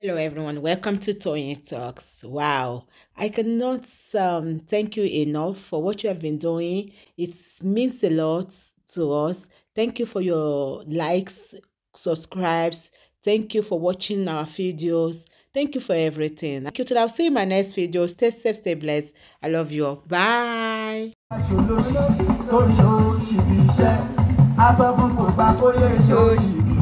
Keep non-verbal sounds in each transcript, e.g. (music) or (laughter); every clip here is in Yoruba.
Hello, everyone. Welcome to Toyin Talks. Wow, I cannot um, thank you enough for what you have been doing. It means a lot to us. Thank you for your likes, subscribes. Thank you for watching our videos. Thank you for everything. Thank you till I'll see you in my next video. Stay safe, stay blessed. I love you. All. Bye.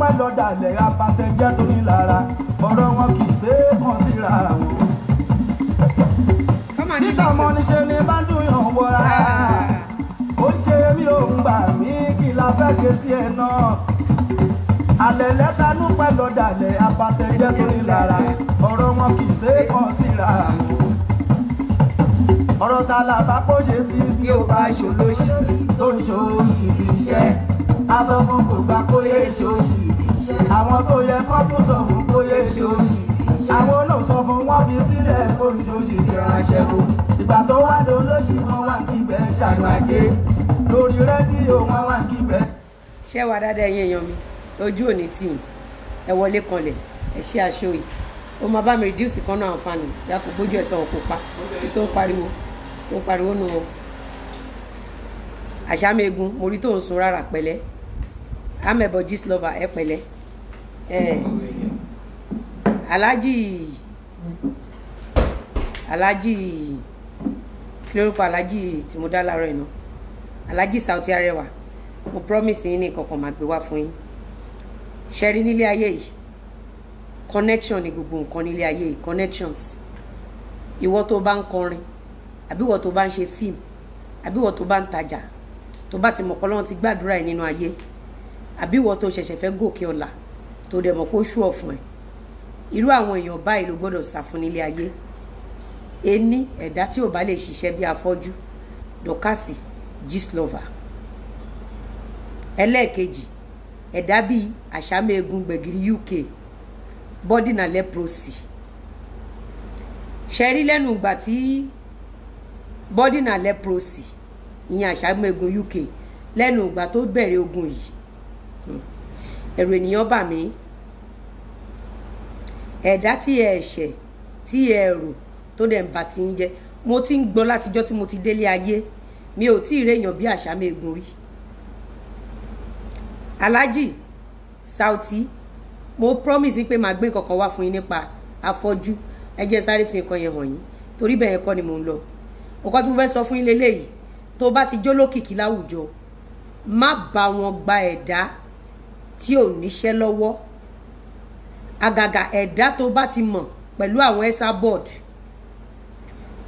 pẹ́ lọ́dà lẹ̀ abatẹ́jẹ́ tó ní lára ọ̀rọ̀ wọn kì í ṣe é kàn síra wọn. títà ọmọ níṣe ni bá dùn yàn wọra ó ṣe mí ò ń gbà mí kí la fẹ́ ṣe sí ẹ náà. àlẹ́ lẹ́tanú pẹ́ lọ́dà lẹ̀ abatẹ́jẹ́ tó ní lára ọ̀rọ̀ wọn kì í ṣe é kàn síra wọn ọ̀rọ̀ ta la bá kó ṣe sí bí ó bá ṣòlóṣì tó ń ṣòṣì bí iṣẹ́ aṣọ kò gbà kó yé ṣòṣì bí iṣẹ́ àwọn tó yẹ kó tún sọ fún kó yé ṣòṣì àwọn olóòsọ fún wọn fi sílẹ̀ kó ń ṣòṣì bí ránṣẹ́ o ìgbà tó wá lọ lóṣì wọn wà níbẹ̀ ṣàánú ajé lórí rédíò wọn wà níbẹ̀. ṣé wàá dáadáa ẹ̀yin èèyàn mi ojú ò tì í ẹ wọlé kanlẹ̀ ẹ ṣe aṣọ yìí ó máa bá mi reduce kan náà àǹfààní ìyá gbójú ẹ̀ sọ̀rọ̀ pa tó ń pariwo mo pariwo nu wọn àṣàmẹ́gun mo rí tó ń sun rárá pẹ̀lẹ́ amẹ́bọ̀ gist lover ẹ pẹ̀lẹ́ alájì alájì kí lórúkọ alájì tí mo dá láàárọ̀ iná alájì Saoty Arẹwà mo promise yín ní kankan máa gbé wá fún yín ṣẹ́rí nílé ayé yìí connection ni gbogbo nǹkan nílé ayé yìí connections ìwọ tó bá ń kọrin àbí wọ́n tó bá ń ṣe fíìmù àbí wọ́n tó bá ń tajà tó bá ti mọ̀ pé Ọlọ́run ti gbàdúrà ẹ̀ nínú ayé àbí wọ́n tó ṣẹ̀ṣẹ̀ fẹ́ gòkè ọ̀la tó dẹ̀ mọ̀ pé ó ṣú ọ̀fun ẹ̀ irú àwọn èèyàn báyìí ló gbọ́dọ̀ sá nílé ayé ení ẹ̀dá tí ò bá lè ṣiṣẹ́ bí afọ́jú dọ́kásì gíslọ́và ẹlẹ́ẹ̀kejì ẹ̀dá bíi àṣàmẹ́gun gbẹ̀gìrì UK bọ́dínà lẹ́pọ̀rọ̀sì ṣẹ́rí lẹ́nu ìgbà tí body na leprosy ìyẹn àṣàgbẹ̀gùn UK lẹ́nu ìgbà tó bẹ̀rẹ̀ ogun yìí hmm. ẹ̀rù ènìyàn bà mí ẹ̀dá tí ẹ ẹ̀ṣẹ̀ tí ẹ rò tó dẹ̀ ń bà tí ń jẹ́ mo ti ń gbọ́ látijọ́ tí mo ti délé ayé mi ò tí ì réèyàn bí àṣàmẹ́gun rí aláàjì Saoty mo promise pé màá gbé nǹkan kan wá fún yín nípa afọ́jú ẹ jẹ́ sáré fi nǹkan yẹn hàn yín torí bẹ́ẹ̀ yẹn kọ́ ni mò ń lọ nǹkan tí mo fẹ́ sọ fún yín lélẹ́yìí tó bá ti jólókìkí láwùjọ má bá wọn gba ẹ̀dá tí ò níṣẹ́ lọ́wọ́ àgàgà ẹ̀dá tó bá ti mọ̀ pẹ̀lú àwọn ẹ́sà board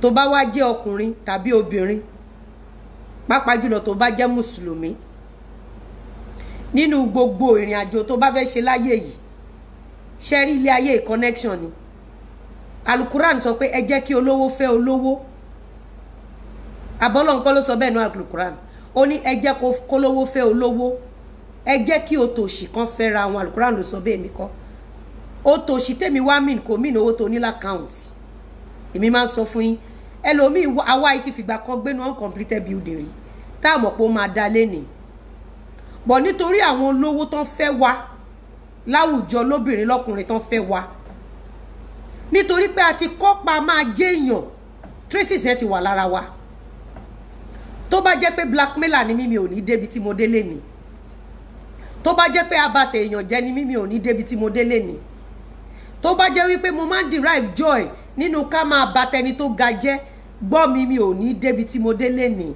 tó bá wá jẹ́ ọkùnrin tàbí obìnrin pàápàá jùlọ tó bá jẹ́ mùsùlùmí nínú gbogbo ìrìn àjò tó bá fẹ́ ṣe láyé yìí ṣẹ́rí ilé ayé connection ni alukuran sọ pé ẹ jẹ́ kí olówó fẹ́ olówó àbọ́lọ́hún kọ́ ló sọ bẹ́ẹ̀ ní alukuran ó ní ẹ jẹ́ kó lówó fẹ́ olówó ẹ jẹ́ kí òtòṣì kan fẹ́ra àwọn alukuran ló sọ bẹ́ẹ̀ mi kọ́ òtòṣì tèmi wá mìn kò mìn owó tó ní lákàùntì èmi máa ń sọ fún yín ẹlòmíì àwa yìí ti fìgbà kan gbénu uncompleted building rí tá a mọ̀ pé ó máa da lẹ́nìí bọ̀ nítorí àwọn olówó tán fẹ́ wa láwùjọ lóbìnrin lọ́kùnrin tán fẹ́ wa nítorí pé a ti kọ́pa máa jẹ́yàn traces yẹn ti wà lára wa tó bá jẹ́ pé blackmailer ni mí mi ò ní débi tí mo délé ni tó bá jẹ́ pé abatẹ̀ èèyàn jẹ́ ni mí ò ní débi tí mo délé ni tó bá jẹ́ wípé mo máa ń derive joy nínú ká máa batẹni tó ga jẹ́ gbọ́ mi mi ò ní débi tí mo délé ni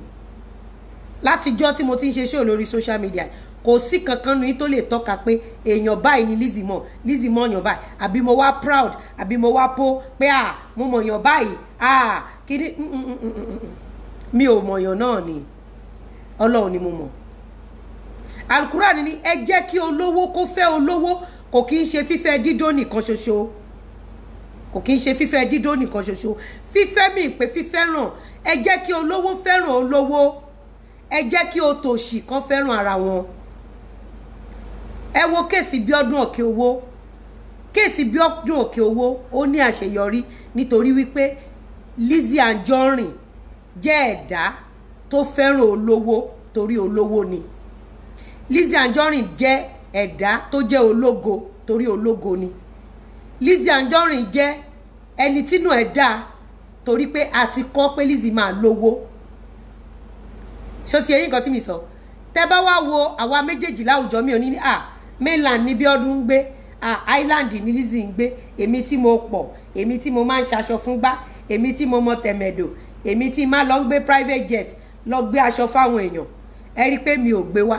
látijọ́ tí mo ti ń ṣe ṣó lórí social media kò sí kankan nu yín tó lè tọ́ka pé èèyàn báyìí ni Lizzy mọ̀ Lizzy mọ̀ èèyàn báyìí àbí mo wá proud àbí mo wá po pé à mo mọ̀ èèyàn báyìí à kí ni. Mm, mm, mm, mi ò mọ̀yàn náà ni ọlọ́run ni mo mọ̀ alukurani ni ẹ jẹ́ kí olówó kó fẹ́ olówó kò kí ń ṣe fífẹ́ dídó nìkan ṣoṣo kò kí ń ṣe fífẹ́ dídó nìkan ṣoṣo fífẹ́ mi pé fífẹ́ràn ẹ jẹ́ kí olówó fẹ́ràn olówó ẹ jẹ́ kí òtòṣì kan fẹ́ràn ara wọn ẹ wo kéèsì bí ọdún òkè owó kéèsì bí ọdún òkè owó ó ní àṣeyọrí nítorí wípé Lizzy Anjorin jẹ́ ẹ̀dá tó fẹ́ràn olówó torí olówó ni Lizzy Anjorin jẹ́ ẹ̀dá tó jẹ́ ológo torí ológo ni Lizzy Anjorin jẹ́ ẹni tínú ẹ̀ dáa torí pé a ti kọ́ pé Lizzy máa lówó ṣó ti eyín nǹkan tí mi sọ tẹ bá wá wo àwa méjèèjì láwùjọ mi ò ní ní à mainland ní Bíọ́dún ń gbé à island ní Lizzy ń gbé èmi tí mo pọ̀ èmi tí mo máa ń ṣaṣọ fún gbá èmi tí mo mọ tẹ̀mẹ̀dò èmi tí má lọ gbé private jet lọ gbé aṣọ fáwọn èèyàn ẹ pé mi ò gbé wá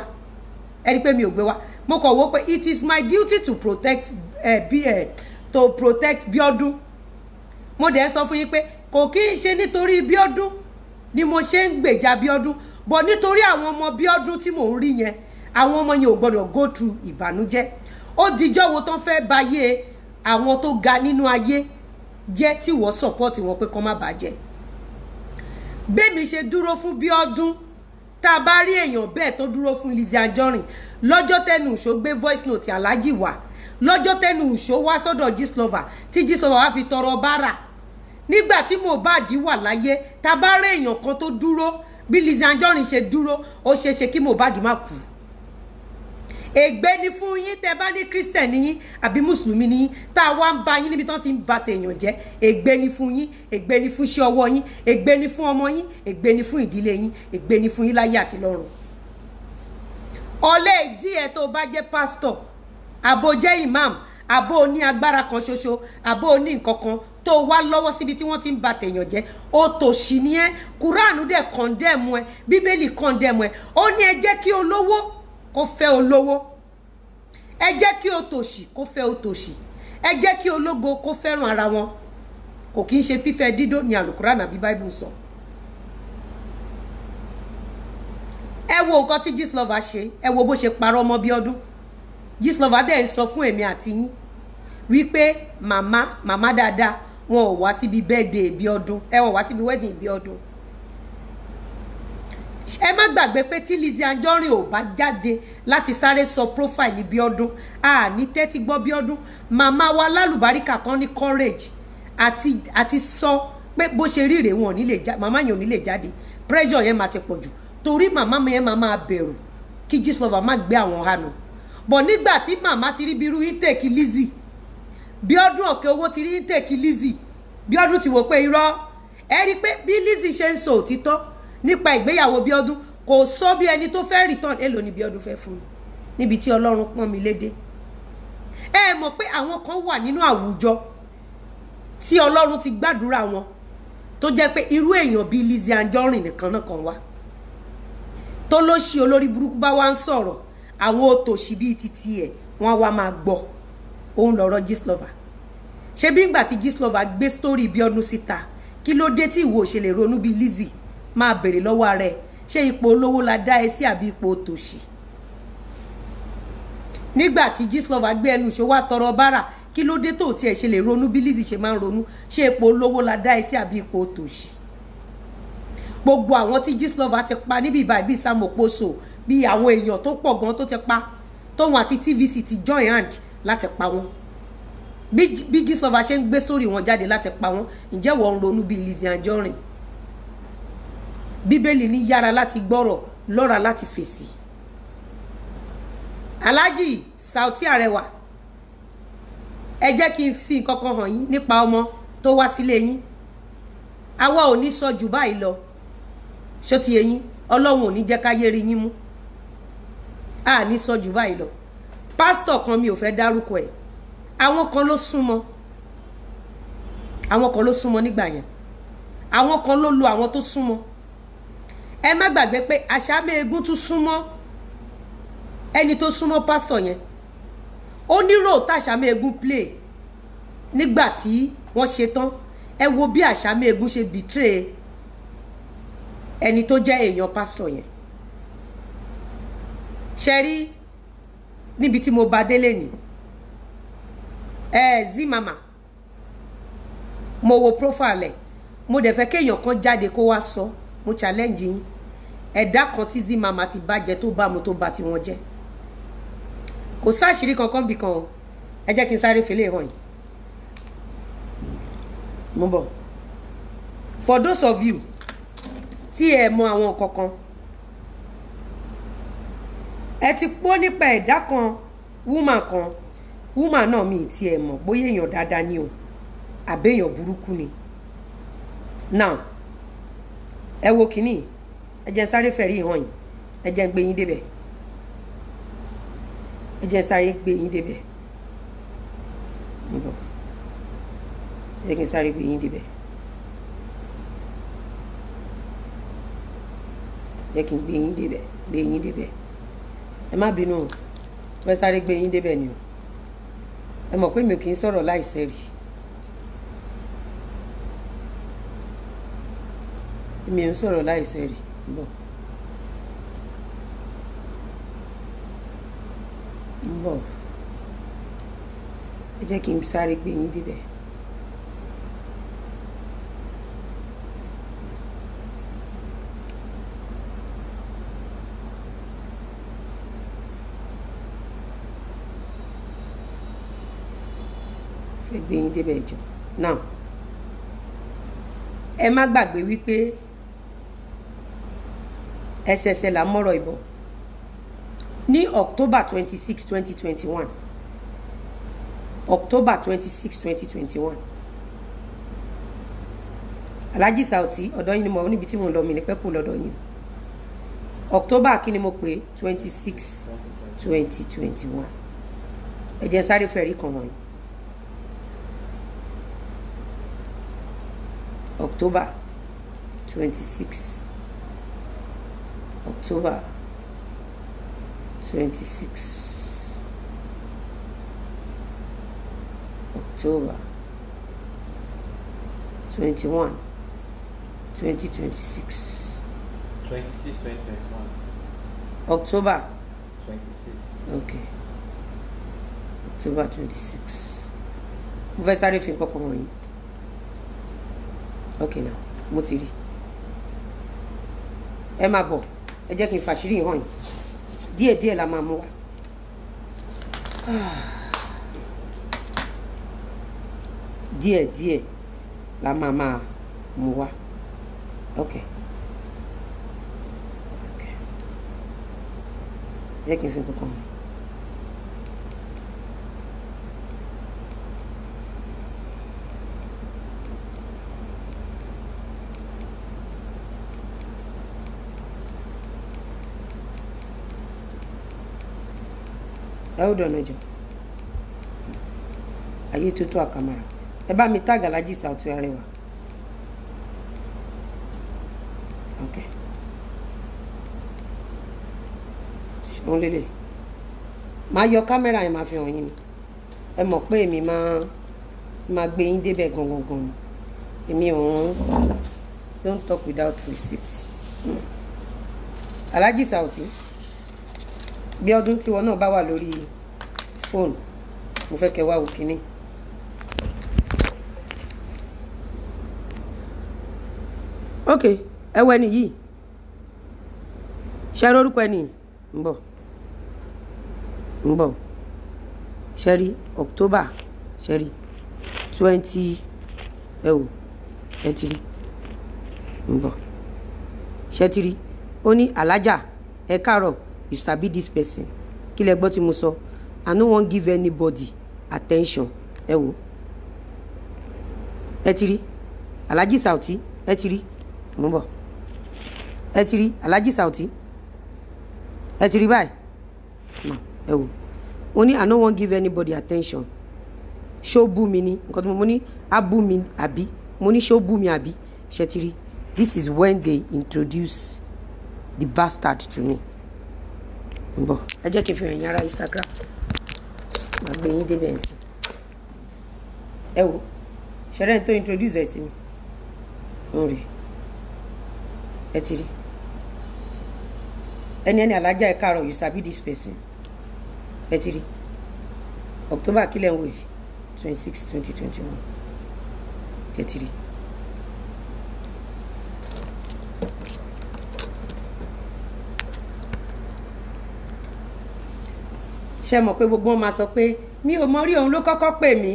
ẹ pé mi ò gbé wá mo kàn wó pé it is my duty to protect uh, to protect Bíọ́dún mo dẹ̀ sọ fún yín pé kò kí n ṣe nítorí Bíọ́dún ni mo ṣe ń gbèjà Bíọ́dún bọ̀ nítorí àwọn ọmọ Bíọ́dún tí mò ń rí yẹn àwọn ọmọ yẹn ò gbọ́dọ̀ go through ìbànújẹ́ ó dijọ́ wo tán fẹ́ bayé àwọn tó ga nínú ayé jẹ́ tí wọ́n support wọn pé kó má bàjẹ́ bẹ́mi ṣe dúró fún bí ọdún tá a bá rí èèyàn bẹ́ẹ̀ tó dúró fún Lizzy Anjorin lọ́jọ́ tẹnu ìṣó gbé voice note aláàjì wá lọ́jọ́ tẹnu ìṣó wá sọ́dọ̀ Gistlover tí Gistlover wá fi tọrọ bára nígbà tí Mohbad wà láyé tá a bá rí èèyàn kan tó dúró bí Lizzy Anjorin ṣe dúró ó ṣeéṣe kí Mohbad má kú ègbé ni fún yín tẹ́ bá ní christian ni yín àbí mùsùlùmí ni yín tá a wá ń ba yín níbi tán ti ń ba tèèyàn jẹ́ ègbé ni fún yín ègbé ni fún iṣẹ́ ọwọ́ yín ègbé ni fún ọmọ yín ègbé ni fún ìdílé yín ègbé ni fún yín láyé àti lọ́run ọlẹ́ ìdí ẹ̀ tó bá jẹ́ pásítọ̀ àbò jẹ́ imam àbò ní agbára kan ṣoṣo àbò ní nǹkan kan tó wá lọ́wọ́ síbi tí wọ́n ti ń ba tèèyàn jẹ́ ó tòṣì ni ẹ́ kúránù dẹ̀ kọ̀ndẹ́ẹ̀mù ẹ bíbélì kọ̀ndẹ́ẹ̀mù ẹ ó ní ẹ jẹ́ kí olówó kó fẹ́ olówó ẹ jẹ́ kí o tòṣì kó fẹ́ o tòṣì ẹ jẹ́ kí ológo kó fẹ́ràn ara wọn kò kí ń ṣe fífẹ́ dídó ni àlùkùránì àbí báíbù sọ. ẹ wo nǹkan tí Gistlover ṣe ẹ wo bó ṣe parọ́ ọmọ bí ọdún Gistlover dẹ̀ ń sọ fún èmi àti yín wípé màmá màmá dáadáa wọn ò wá síbi birthday bí ọdún ẹ wọn wá síbi wedding bí ọdún ẹ má gbàgbé pé tí Lizzy Anjorin ò bá jáde láti sáré sọ profile Bíọ́dún a ní tẹ́tí gbọ́ Bíọ́dún màmá wa lálùbáríkà kan ní courage àti àti sọ pé bó ṣe rí rèé wọn ò ní lè jáde màmá yẹn ò ní jáde pressure yẹn máa ti pọ̀ jù torí màmá yẹn máa máa bẹ̀rù kí Gistlover má gbé àwọn hànú bọ̀ nígbà tí màmá ti rí bírú intake Lizzy Bíọ́dún ọ̀kẹ́ owó ti rí intake Lizzy Bíọ́dún ti wò pé irọ́ ẹ rí i pé bí Lizzy ṣe ń sọ òtítọ́ nípa ìgbéyàwó Bíọ́dún kò sọ bí ẹni tó fẹ́ return èlò ni Bíọ́dún fẹ́ fún mi níbi tí Ọlọ́run pọ́n mi lédè ẹ mọ̀ pé àwọn kan wà nínú àwùjọ tí Ọlọ́run ti gbàdúrà wọn tó jẹ́ pé irú èèyàn bíi Lizzie Anjorin nìkan náà kan wá tó ló ṣe olórí burúkú bá wá ń sọ̀rọ̀ àwọn òtòṣì bíi titi ẹ̀ wọ́n wá máa gbọ́ òun lọ̀rọ̀ Gistlover ṣé bí ìgbà tí Gistlover gbé sítórì Bíọ́dún síta kí ló dé tí ìwọ òṣèlè ronú bíi Lizzie máa béèrè lọ́wọ́ rẹ̀ ṣé ipò olówó la dá ẹ sí àbí ipò tòṣì nígbà tí Gistlover gbé ẹnu ìṣó wá tọrọ bára kí ló dé tó tiẹ̀ ṣe lè ronú bí Lizzy ṣe máa ń ronú ṣé ipò olówó la dá ẹ sí àbí ipò tòṣì gbogbo àwọn tí Gistlover ti pa níbi ìbá ìbí Sam Okposo bí àwọn èèyàn tó pọ̀ gan tó ti pa tóun àti TVC ti join hand láti pa wọn bí Gistlover ṣe ń gbé sórí wọn jáde láti pa wọn ǹjẹ́ wọ́n ń ronú bí Lizzy Anjorin bíbélì ní yára láti gbọ́rọ̀ lọ́ra láti fèsì aláàjì Saoty Arẹwà ẹ jẹ́ kí n fi nǹkan kan hàn yín nípa ọmọ tó wá sílé yín àwa ò ní sọ jù báyìí lọ ṣó ti ọlọ́run ò ní jẹ́ ká yéri yín mú a ní sọ jù báyìí lọ pásítọ̀ kan mi ò fẹ́ dárúkọ ẹ̀ àwọn kan ló súnmọ́ àwọn kan ló súnmọ́ nígbà yẹn àwọn kan ló lu àwọn tó súnmọ́ ẹ má gbàgbé pé àṣàmẹ́ eégún tún súnmọ́ ẹni tó súnmọ́ pásítọ̀ yẹn ó ní rò tá àṣàmẹ́ play nígbà tí wọ́n ṣe tán ẹ wo bí àṣàmẹ́ eégún ṣe betray ẹni tó jẹ́ èèyàn pásítọ̀ yẹn ṣe rí níbi tí mo bá délé ni ẹ zi mama mo wo profile ẹ mo dẹ̀ fẹ́ kéèyàn kan jáde kó wá sọ. So mo challenge yín ẹ̀dá kan tí zi mama ti bàjẹ́ tó bá mu tó bá tiwọn jẹ́ kò sáàṣírí kankan bì kan o ẹ jẹ́ kí n sáré fèlè hàn yìí mo bọ̀ for those of you tí ẹ mọ àwọn kankan ẹ ti pọ́ nípa ẹ̀dá kan woman kan woman náà mi ti ẹ̀ mọ̀ bóyá èèyàn dáadáa ni o àbẹ́yàn burúkú ni now ẹ wo kínní ẹ jẹ́ sáré fẹ̀rí hàn yín ẹ jẹ́ gbé yín débẹ̀ ẹ jẹ́ sáré gbé yín débẹ̀ ẹ jẹ́ kí n sáré gbé yín débẹ̀ jẹ́ kí n gbé yín débẹ̀ gbé yín débẹ̀ ẹ má bínú ẹ sáré gbé yín débẹ̀ ni o ẹ mọ̀ pé mi ò kì í sọ̀rọ̀ láìsẹ̀rí. èmi ń sọ̀rọ̀ láìsẹ̀ rí bọ̀ bọ̀ ẹ jẹ́ kí n sáré gbé yín débẹ̀. fẹ́ gbé yín débẹ̀ jọ now ẹ má gbàgbé wípé ẹsẹẹsẹ là ń ní October twenty six twenty twenty one October twenty six twenty twenty one Alhaji Saoty ọ̀dọ̀ yín ni mo níbi tí mo lọ mi ní pẹ́kù lọ́dọ̀ yín October kí ni mo pè twenty six twenty twenty one ẹ jẹ́ sáré fẹ̀rí kan wọ̀nyí October twenty six. October 26. October 21, 2026. 26, 2021. October 26. Okay. October 26. Mo fẹ́ sáré fi nǹkan Okay now, mo Emma rí. Ẹ ẹ jẹ́ kí n fàṣírí hàn yín díẹ̀ díẹ̀ la máa mú wa. díẹ̀ díẹ̀ la máa máa mú wa. okay. okay. jẹ́ kí n fi kankan mọ̀. hold on ẹjọ ayé tuntun àkàmàrà ẹ bá mi tag Alhaji Sauty Arẹwà ok ṣùgbọ́n lélẹ̀ màá yọ kámẹ́rà yẹn máa fi hàn yín ni ẹ mọ̀ pé èmi máa máa gbé yín débẹ̀ gangan gan èmi ò ń don't talk without receipt Alhaji Sauty bí ọdún tiwọn náà bá wà lórí yìí fóònù mo fẹ́ kẹ́ wá wò kínní. ok ẹ wọ ẹni yìí ṣe orúkọ ẹni ń bọ̀ ń bọ̀ ṣe rí October ṣe rí twenty ẹ wò ẹ ti rí ń bọ̀ ṣe ti rí ó ní alájà ẹ káàárọ̀ you sabi this person kí lẹ gbọ́ tí mo sọ. So i no wan give anybody attention ẹ wò ẹ ti rí Alhaji Sauty ẹ ti rí mo ń bọ̀ ẹ ti rí Alhaji Sauty ẹ ti rí báyìí ẹ wò ó ní i no wan give anybody attention ṣó bú mi ni nǹkan tó mo ní á bú mi àbí mo ní ṣó bú mi àbí ṣe ti rí this is when they introduce the bastard to me. Bon, ẹ jẹ́ kí n fi hàn yín ara Instagram màá gbé yín débẹ̀ ń sìn ẹ wo ṣẹlẹ̀ tó introduce ẹ sí mi ń rí ẹ ti rí ẹni ẹni alájà ẹ káàárọ̀ you sabi this person ẹ ti rí October kílẹ̀ ń wò yìí twenty six twenty twenty one ẹ ti rí. ṣe mọ̀ pé gbogbo wọn máa sọ pé mi ò mọ rí òun ló kọ́kọ́ pè mí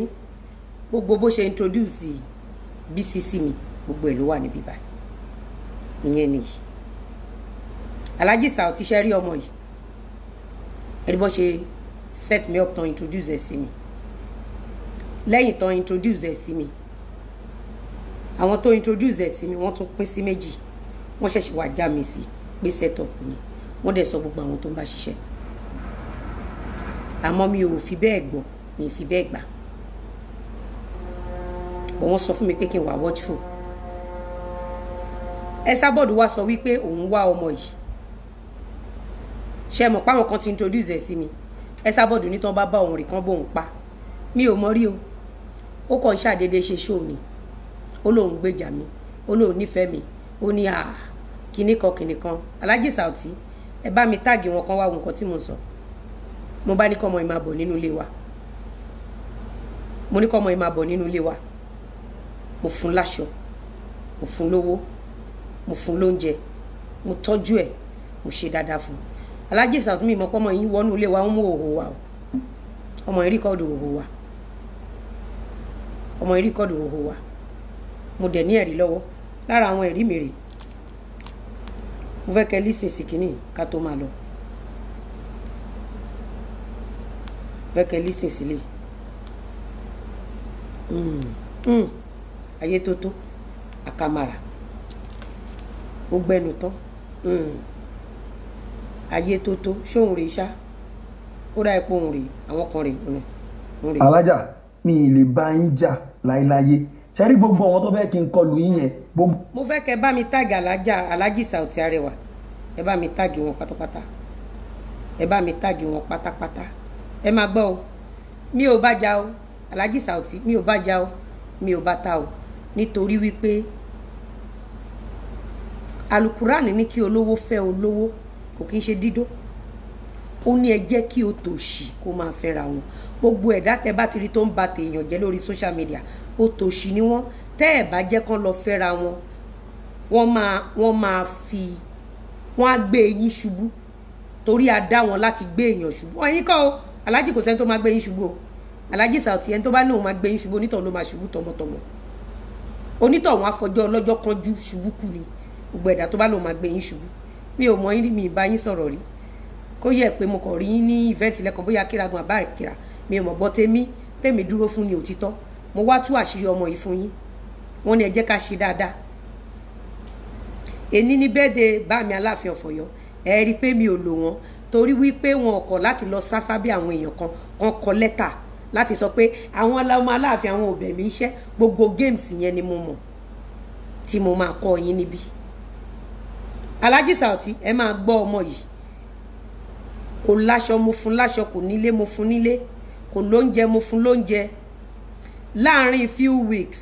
gbogbo bó ṣe introduce bcc mi gbogbo ẹ̀ ló wà níbí báyìí ìyẹn nìyí alhaji sao ti ṣe rí ọmọ yìí ẹni bọ́ ṣe set me up tán introduce ẹ̀ sí mi lẹ́yìn tán introduce ẹ̀ sí mi àwọn tó introduce ẹ̀ sí mi wọ́n tún pín sí méjì wọ́n ṣẹ̀ṣẹ̀ wá já mi sí pé set up ni wọ́n dẹ̀ sọ gbogbo àwọn tó ń bá ṣiṣẹ́ àmọ́ mi ò fi bẹ́ẹ̀ gbọ́ mi fi bẹ́ẹ̀ gbà bọ́ wọ́n sọ fún mi pé kí n wà watchful ẹ sábọ̀dù wa sọ wípé òun wá ọmọ yìí ṣe mọ̀ páwọn kan ti introduce ẹ̀ sí mi ẹ sábọ̀dù ní tán bá bá òun rì kan bóun pa mi ò mọ rí o ó kàn ṣàdédé ṣe ṣó ni ó lóun gbèjà mi ó lóun nífẹ̀ẹ́ mi ó ní à ah, kìnnìkan kìnnìkan Alhaji Sauty ẹ bá mi táàgì wọn kan wá ohun kan tí mo sọ. So mo bá ní kọ́ ọmọ ẹ̀ máa bọ̀ nínú ilé wa mo ní kọ́ ọmọ ẹ̀ máa bọ̀ nínú ilé wa mo fún láṣọ mo fún lówó mo fún lóúnjẹ mo tọ́jú ẹ̀ mo ṣe dáadáa fún un alájí ìsàtún mi mọ̀ pé ọmọ yìí wọnú ilé wa ń mú òhò wa o ọmọ yìí rìkọ́dù òhò wa ọmọ yìí rìkọ́dù òhò wa mo dẹ̀ ní ẹ̀rí lọ́wọ́ lára àwọn ẹ̀rí mi rèé mo fẹ́ kẹ́ lísìsì kínní ká tó máa lọ. fẹ́ kẹ́ lísìn sílé hmm. hmm. ayé tó tó àkàmàrà ó gbẹnu tán hmm. ayé tó tó ṣóhun rèé ṣá ó dá ipò òun rèé àwọn kan rèé òun rèé. alájà mi ì lè bá yín jà láéláyé ṣe rí gbogbo àwọn tó fẹ́ kí n kọlù yín yẹn. mo fẹ́ kẹ́ bá mi táàgì alájà alájì Saoty Arẹwà ẹ bá mi táàgì wọn pátápátá ẹ bá mi táàgì wọn pátápátá ẹ máa gbọ́ o mi ò bá jà o Alhaji Saoty mi ò bá jà o mi ò bá ta o nítorí wípé alukuran ní kí olówó fẹ́ olówó kò kí ń ṣe dídó ó ní ẹ jẹ́ kí o tòṣì kó máa fẹ́ra wọn gbogbo ẹ̀dá tẹ bá ti rí tó ń ba tèèyàn jẹ́ lórí social media ó tòṣì ni wọ́n tẹ́ ẹ̀ bá jẹ́ kán lọ fẹ́ra wọn wọ́n máa wọ́n máa fi wọ́n á gbé eyín ṣubú torí a dá wọn láti gbé èèyàn ṣubú ẹ̀yin kọ́ o aláàjì kò sẹ́ni tó máa gbé yín ṣubú o aláàjì sàùtì ẹni tó bá lóun máa gbé ṣubú onítọ̀hún ló máa ṣubú tọmọtọmọ onítọ̀hún afọjọ́ ọlọ́jọ́ kanjú ṣubú kù ni gbogbo ẹ̀dá tó bá lóun máa gbé yín ṣubú mi ò mọ yín rí mi ìbá yín sọ̀rọ̀ rí kó yẹ pé mo kàn rí yín ní ìvẹ́ǹtì lẹ́kọ̀ọ́ bóyá kíragun àbá ìkira mi ò mọ̀ gbọ́ tèmi tèmi dúró fún ni òtítọ́ mo wá tú àṣírí ọmọ yìí fún yín wọ́n ní ẹ jẹ́ ká ṣe dáadáa èní ni bẹ́ẹ̀dẹ̀ bá mi aláàfin ọ̀fọ̀yọ́ ẹ rí i pé mi ò lò wọ́n torí wípé wọn kọ̀ láti lọ sásá bí àwọn èèyàn kan kan kọ lẹ́tà láti sọ pé àwọn ọmọ aláàfin àwọn òbẹ̀ mi iṣẹ́ gbogbo games yẹn ni mo mọ̀ tí mo máa kọ́ yín níbí Alhaji Saoty ẹ máa gbọ́ ọmọ yìí kò láṣọ mo fún láṣọ kò nílé mo fún nílé kò lóúnjẹ mo fún lóúnjẹ láàárín few weeks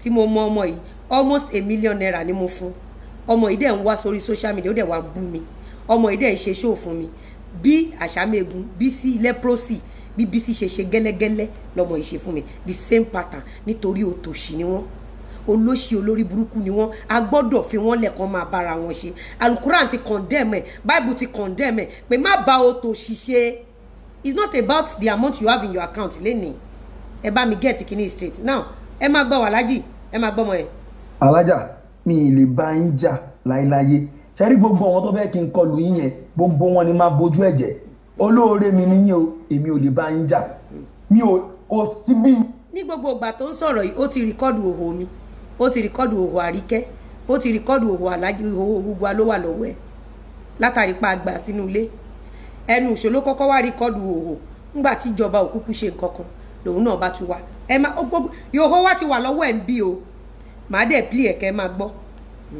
tí mo mọ ọmọ yìí almost a million naira ni mo fún ọmọ yìí dẹ̀ ń wá sórí social media ó dẹ̀ wá bú mi ọmọ yìí dẹ̀ ń ṣe ṣóò fún mi bí àṣàmẹ́gun Bísí leprosy bí Bísí ṣe ṣe gẹ́lẹ́gẹ́lẹ́ lọ́mọ yìí ṣe fún mi the same pattern nítorí òtòṣì ni wọ́n olóṣì olórí burúkú ni wọ́n a gbọ́dọ̀ fi wọ́n lẹ̀kọ́ máa bára wọn ṣe alukuran ti condemn ẹ̀ bible ti condemn ẹ̀ pé má ba òtòṣì ṣe it's not about the amount you have in your account lẹ́nìí ẹ bá mi get kini straight now ẹ máa gbọ́ wàlájì ẹ máa gbọ́ ọmọ yẹn. alájà mi ì lè bá yín jà láéláyé ṣe rí gbogbo àwọn tó fẹ́ kí n kọlù yín yẹn gbogbo wọn ni máa bójú ẹ̀jẹ̀ olóore mi níyìn o èmi ò lè bá yín jà mi ò kò síbí. ní gbogbo ìgbà tó ń sọ̀rọ̀ yìí ó ti rìkọ́dù òhò mi ó ti rìkọ́dù òhò àríkẹ́ ó ti rìkọ́dù òhò alájú òhò gbogbo ló wà lọ́wọ́ ẹ̀ látàrí pa àgbà sínú ilé ẹnu ìṣòló kọ́kọ́ wá rìkọ́dù òhò ńgbà tí ìjọba òkúkú ṣe nǹkan lòun náà bá ti wà ẹ má gbogbo yòówó wá ti wà lọ́wọ́ ẹ̀ ń bí o màá dẹ̀ pí ẹ̀kẹ́ máa gbọ́.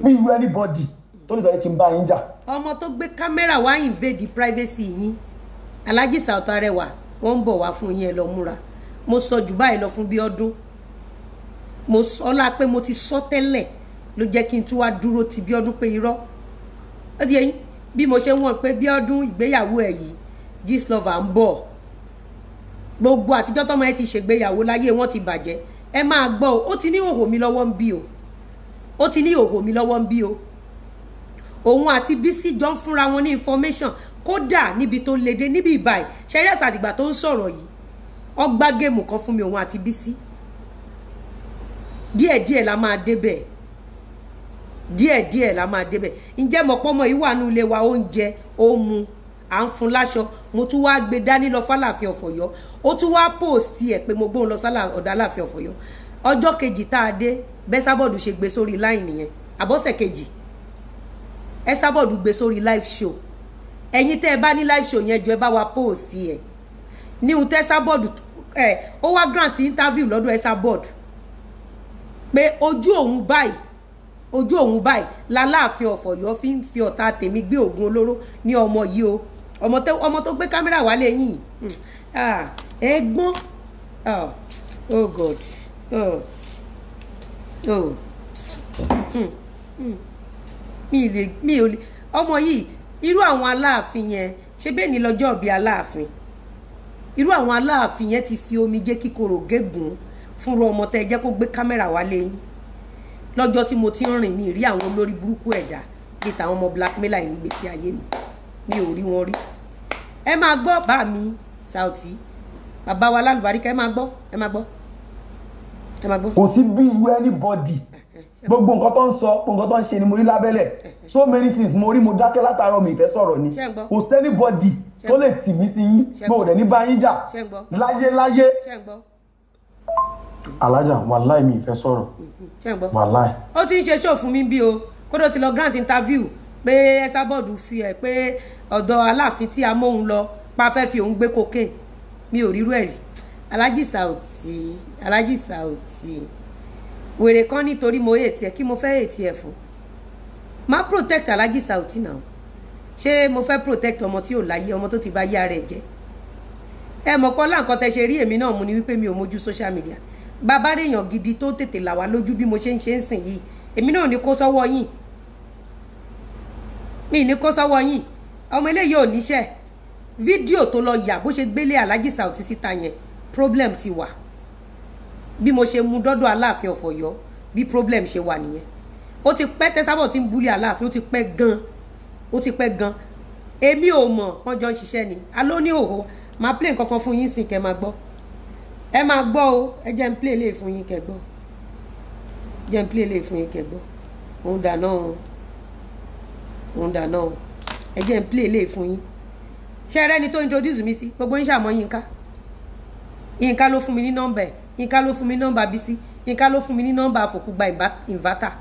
bí you anybody tó lè sọ yìí kí n bá yín jà. ọmọ tó gbé kámẹ́rà wá invade privacy yín Alhaji Sauty Arẹwà wọ́n ń bọ̀ wá fún yín ẹ lọ múra mo sọ jù báyìí lọ fún bí ọdún mo sọ ọ́ la pé mo ti sọ tẹ́lẹ̀ ló jẹ́ kí n tún wá dúró ti bí ọdún pé irọ́ ó ti yẹ yín bí mo ṣe ń wọ̀n pé bí ọdún ìgbéyàwó ẹ̀ yìí Gistlover ń bọ̀ gbogbo àtijọ́ tọ́mọ ẹ ti ṣègbéyàwó láyé wọn ti bàjẹ́ ẹ máa gbọ́ o ó ti ní òhò mi lọ́wọ́ ń bí o ó ti ní òhò mi lọ́wọ́ ń bí o òun àti Bísí jọ ń fúnra wọn ní information kódà níbi tó léde níbi ìbàyí ṣẹlẹ àtìgbà tó ń sọ̀rọ̀ yìí ó gbá géèmù kan fún mi òun àti Bísí díẹ̀díẹ̀ la máa débẹ̀ díẹ̀díẹ̀ la máa débẹ̀ ǹjẹ́ mọ̀pọ́mọ yìí wà ní ilé wa oúnjẹ ó mu à ń fún láṣọ mo tún wá gbé dání lọ fálàfin ọ̀fọ̀yọ́ ó tún wá post ẹ̀ pé mo gbóhùn lọ sálà ọ̀dà aláàfin ọ̀fọ̀yọ́ ọjọ́ kejì tá a dé bẹ́sábọ̀dù ṣe gbé sórí láì nìyẹn àbọ̀sẹ̀ kejì ẹ sábọ̀dù gbé sórí live show ẹ̀yin tẹ́ ẹ bá ní live show yẹn jọ ẹ bá wa post ẹ̀ ní ohun tẹ́ sábọ̀dù ẹ̀ ó wá grant interview lọ́dọ̀ ẹ sábọ̀dù pé ojú òun báyìí ojú òun báyìí lálàáfin ọ̀fọ̀ yọ fi ń fi ọ̀tá tèmi gbé oògùn olóró ní ọmọ yìí o ọmọ tó gbé kámẹ́rà wálé yìí hmm. ẹ̀gbọ́n oh god oh oh. Mm. Mm mi ì lè mi ò lè ọmọ yìí irú àwọn aláàfin yẹn ṣe bẹ́ẹ̀ ni lọ́jọ́ bí aláàfin irú àwọn aláàfin yẹn ti fi omijé kíkorò gégùn fúnra ọmọ tẹ́ ẹ jẹ́ kó gbé kámẹ́rà wálé yín lọ́jọ́ tí mo ti ń rìn mi rí àwọn olórí burúkú ẹ̀dá bíi tàwọn ọmọ blackmailer ń gbèsè ayé mi mi ò rí wọn rí ẹ máa gbọ́ bá mi Saoty bàbá wa lálùbáríkà ẹ máa gbọ́ ẹ máa gbọ́ ẹ máa gbọ́. kò sí bí you anybody gbogbo nǹkan tó ń sọ gbogbo nǹkan tó ń ṣe ni mo rí lábẹ́lẹ̀ so many things mo rí mo dákẹ́ látàárọ̀ mi ìfẹ́ sọ̀rọ̀ ni kò sẹ́nibọ́dì tó lè tì mí sí yín mo ò dẹ̀ ní bá jà láyé láyé alájà wàláì mi ìfẹ́ sọ̀rọ̀ wàláì. ó ti ń ṣe ṣó fún mi bí o kódó ti lọ grant interview pé ẹsà bọ́ọ̀dù fi ẹ̀ pé ọ̀dọ̀ aláàfin tí a móhun lọ pa fẹ́ fi òun gbé cocaine mi ò rírú ẹ̀ rí alájì Saoty alájì Saoty wèrè kan nítorí mo èètì ẹ kí mo fẹ́ èètì ẹ fún má protect Alhaji Saoty náà ṣé mo fẹ́ protect ọmọ tí ò láyé ọmọ tó ti bá yá rẹ̀ jẹ́ ẹ mọ̀ pọ́lá nǹkan tẹ ṣe rí èmi náà mú ni wípé mi ò mójú social media bàbá rèèyàn gidi tó tètè là wá lójú bí mo ṣe ń ṣe ń sìn yìí èmi náà ní kó sọ́wọ́ yín mi ní kó sọ́wọ́ yín ọmọ eléyìí ò níṣẹ́ fídíò tó lọ yà bó ṣe gbélé Alhaji Saoty síta yẹn problem ti wà bí mo ṣe mú dọ́dọ̀ aláàfin of Ọ̀yọ́ bí problem ṣe wà nìyẹn ó ti pẹ́ tẹ́sábọ̀ tí ń búlé aláàfin ó ti pẹ́ gan ó ti pẹ́ gan èmi ò mọ̀ wọ́n jọ ń ṣiṣẹ́ ni aló ní òhò máa play nǹkan kan fún yín sìn kẹ́ máa gbọ́ ẹ máa gbọ́ o ẹ jẹ́ ń play lè fún yín kẹ́ gbọ́ jẹ́ ń play lè fún yín kẹ́ gbọ́ òun dáná o òun dáná o ẹ jẹ́ ń play lè fún yín ṣé ẹ rẹ́ni tó introduce mi sí gbogbo ń ṣàmọ́ Yínká Yínká ló fún mi ní nọ́mbà ẹ̀ yínká ló fún mi nọ́mbà bísí yínká ló fún mi ní nọ́mbà àfòkúgba inverter